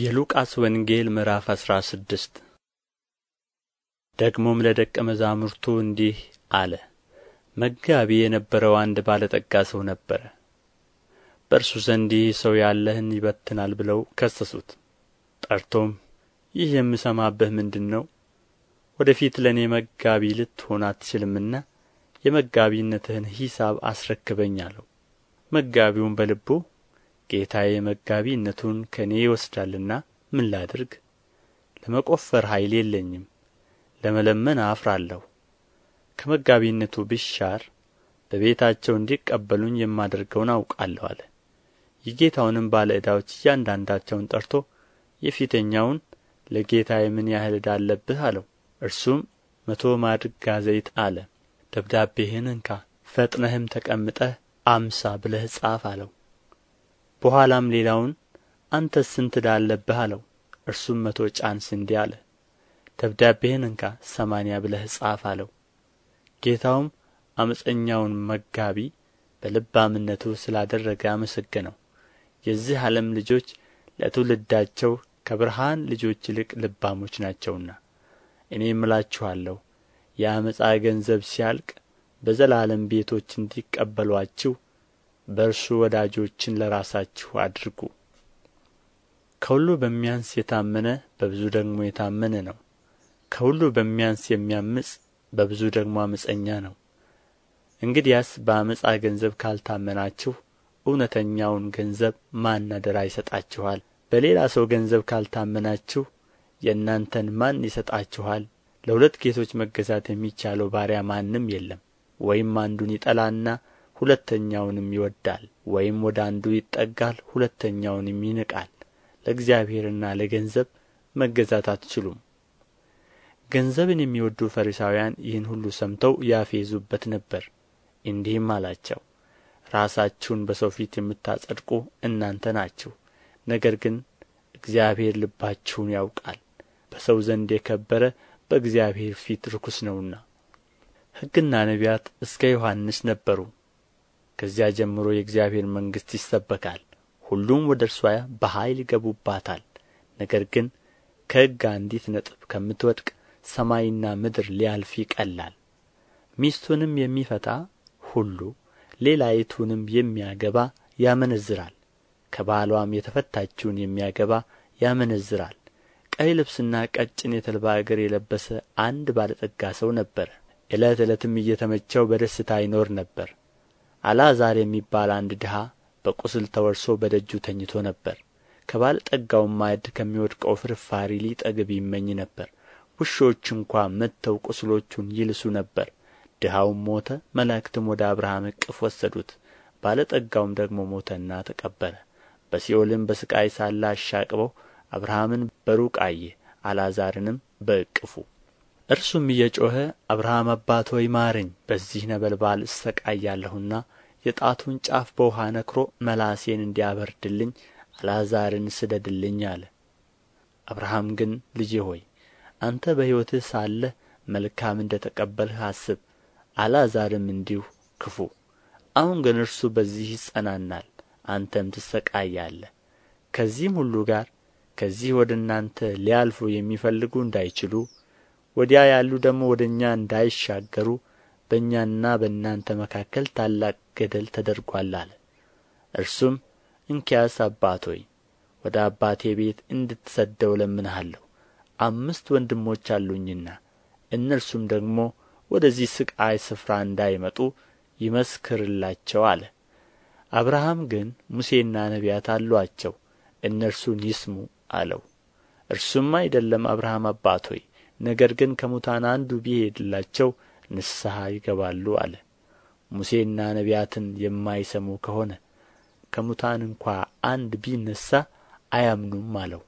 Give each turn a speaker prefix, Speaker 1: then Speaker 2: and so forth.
Speaker 1: የሉቃስ ወንጌል ምዕራፍ አስራ ስድስት ደግሞም ለደቀ መዛሙርቱ እንዲህ አለ። መጋቢ የነበረው አንድ ባለጠጋ ሰው ነበረ። በእርሱ ዘንድ ይህ ሰው ያለህን ይበትናል ብለው ከሰሱት። ጠርቶም ይህ የምሰማብህ ምንድን ነው? ወደፊት ለእኔ መጋቢ ልትሆን አትችልምና የመጋቢነትህን ሂሳብ አስረክበኝ አለው። መጋቢውም በልቡ ጌታዬ መጋቢነቱን ከእኔ ይወስዳልና ምን ላድርግ? ለመቆፈር ኃይል የለኝም፣ ለመለመን አፍራለሁ። ከመጋቢነቱ ብሻር በቤታቸው እንዲቀበሉኝ የማደርገውን አውቃለሁ አለ። የጌታውንም ባለ ዕዳዎች እያንዳንዳቸውን ጠርቶ የፊተኛውን ለጌታዬ ምን ያህል ዕዳ አለብህ አለው። እርሱም መቶ ማድጋ ዘይት አለ። ደብዳቤህን እንካ ፈጥነህም ተቀምጠህ አምሳ ብለህ ጻፍ አለው። በኋላም ሌላውን አንተስ ስንት ዕዳ አለብህ አለው እርሱም መቶ ጫን ስንዴ አለ ደብዳቤህን እንካ ሰማንያ ብለህ ጻፍ አለው ጌታውም አመፀኛውን መጋቢ በልባምነቱ ስላደረገ አመሰገነው የዚህ ዓለም ልጆች ለትውልዳቸው ከብርሃን ልጆች ይልቅ ልባሞች ናቸውና እኔ እምላችኋለሁ የአመፃ ገንዘብ ሲያልቅ በዘላለም ቤቶች እንዲቀበሏችሁ! በእርሱ ወዳጆችን ለራሳችሁ አድርጉ ከሁሉ በሚያንስ የታመነ በብዙ ደግሞ የታመነ ነው ከሁሉ በሚያንስ የሚያምፅ በብዙ ደግሞ አመፀኛ ነው እንግዲያስ በአመፃ ገንዘብ ካልታመናችሁ እውነተኛውን ገንዘብ ማን አደራ ይሰጣችኋል በሌላ ሰው ገንዘብ ካልታመናችሁ የእናንተን ማን ይሰጣችኋል ለሁለት ጌቶች መገዛት የሚቻለው ባሪያ ማንም የለም ወይም አንዱን ይጠላና ሁለተኛውንም ይወዳል ወይም ወደ አንዱ ይጠጋል ሁለተኛውንም ይንቃል ለእግዚአብሔርና ለገንዘብ መገዛት አትችሉም ገንዘብን የሚወዱ ፈሪሳውያን ይህን ሁሉ ሰምተው ያፌዙበት ነበር እንዲህም አላቸው ራሳችሁን በሰው ፊት የምታጸድቁ እናንተ ናችሁ ነገር ግን እግዚአብሔር ልባችሁን ያውቃል በሰው ዘንድ የከበረ በእግዚአብሔር ፊት ርኩስ ነውና ሕግና ነቢያት እስከ ዮሐንስ ነበሩ ከዚያ ጀምሮ የእግዚአብሔር መንግሥት ይሰበካል ሁሉም ወደ እርሷ በኃይል ይገቡባታል ነገር ግን ከሕግ አንዲት ነጥብ ከምትወድቅ ሰማይና ምድር ሊያልፍ ይቀላል ሚስቱንም የሚፈታ ሁሉ ሌላይቱንም የሚያገባ ያመነዝራል ከባሏም የተፈታችውን የሚያገባ ያመነዝራል ቀይ ልብስና ቀጭን የተልባ እግር የለበሰ አንድ ባለጠጋ ሰው ነበረ ዕለት ዕለትም እየተመቸው በደስታ ይኖር ነበር አልዓዛር የሚባል አንድ ድሀ በቍስል ተወርሶ በደጁ ተኝቶ ነበር ከባለጠጋውም ማዕድ ከሚወድቀው ፍርፋሪ ሊጠግብ ይመኝ ነበር ውሾች እንኳ መጥተው ቍስሎቹን ይልሱ ነበር ድሀውም ሞተ መላእክትም ወደ አብርሃም እቅፍ ወሰዱት ባለጠጋውም ደግሞ ሞተና ተቀበረ በሲኦልም በሥቃይ ሳለ አሻቅበው አብርሃምን በሩቅ አየ አልዓዛርንም በእቅፉ እርሱም እየጮኸ አብርሃም አባት ሆይ ማረኝ በዚህ ነበልባል እሣቀያለሁና የጣቱን ጫፍ በውሃ ነክሮ መላሴን እንዲያበርድልኝ አልዓዛርን ስደድልኝ አለ አብርሃም ግን ልጄ ሆይ አንተ በሕይወትህ ሳለህ መልካም እንደ ተቀበልህ አስብ አልዓዛርም እንዲሁ ክፉ አሁን ግን እርሱ በዚህ ይጸናናል አንተም ትሰቃያለህ ከዚህም ሁሉ ጋር ከዚህ ወደ እናንተ ሊያልፉ የሚፈልጉ እንዳይችሉ ወዲያ ያሉ ደግሞ ወደ እኛ እንዳይሻገሩ በእኛና በእናንተ መካከል ታላቅ ገደል ተደርጓል አለ እርሱም እንኪያስ አባት ሆይ ወደ አባቴ ቤት እንድትሰደው ለምንሃለሁ፣ አምስት ወንድሞች አሉኝና እነርሱም ደግሞ ወደዚህ ስቃይ ስፍራ እንዳይመጡ ይመስክርላቸው አለ አብርሃም ግን ሙሴና ነቢያት አሉአቸው እነርሱን ይስሙ አለው እርሱም አይደለም አብርሃም አባት ሆይ ነገር ግን ከሙታን አንዱ ቢሄድላቸው ንስሐ ይገባሉ አለ። ሙሴና ነቢያትን የማይሰሙ ከሆነ ከሙታን እንኳ አንድ ቢነሣ አያምኑም አለው።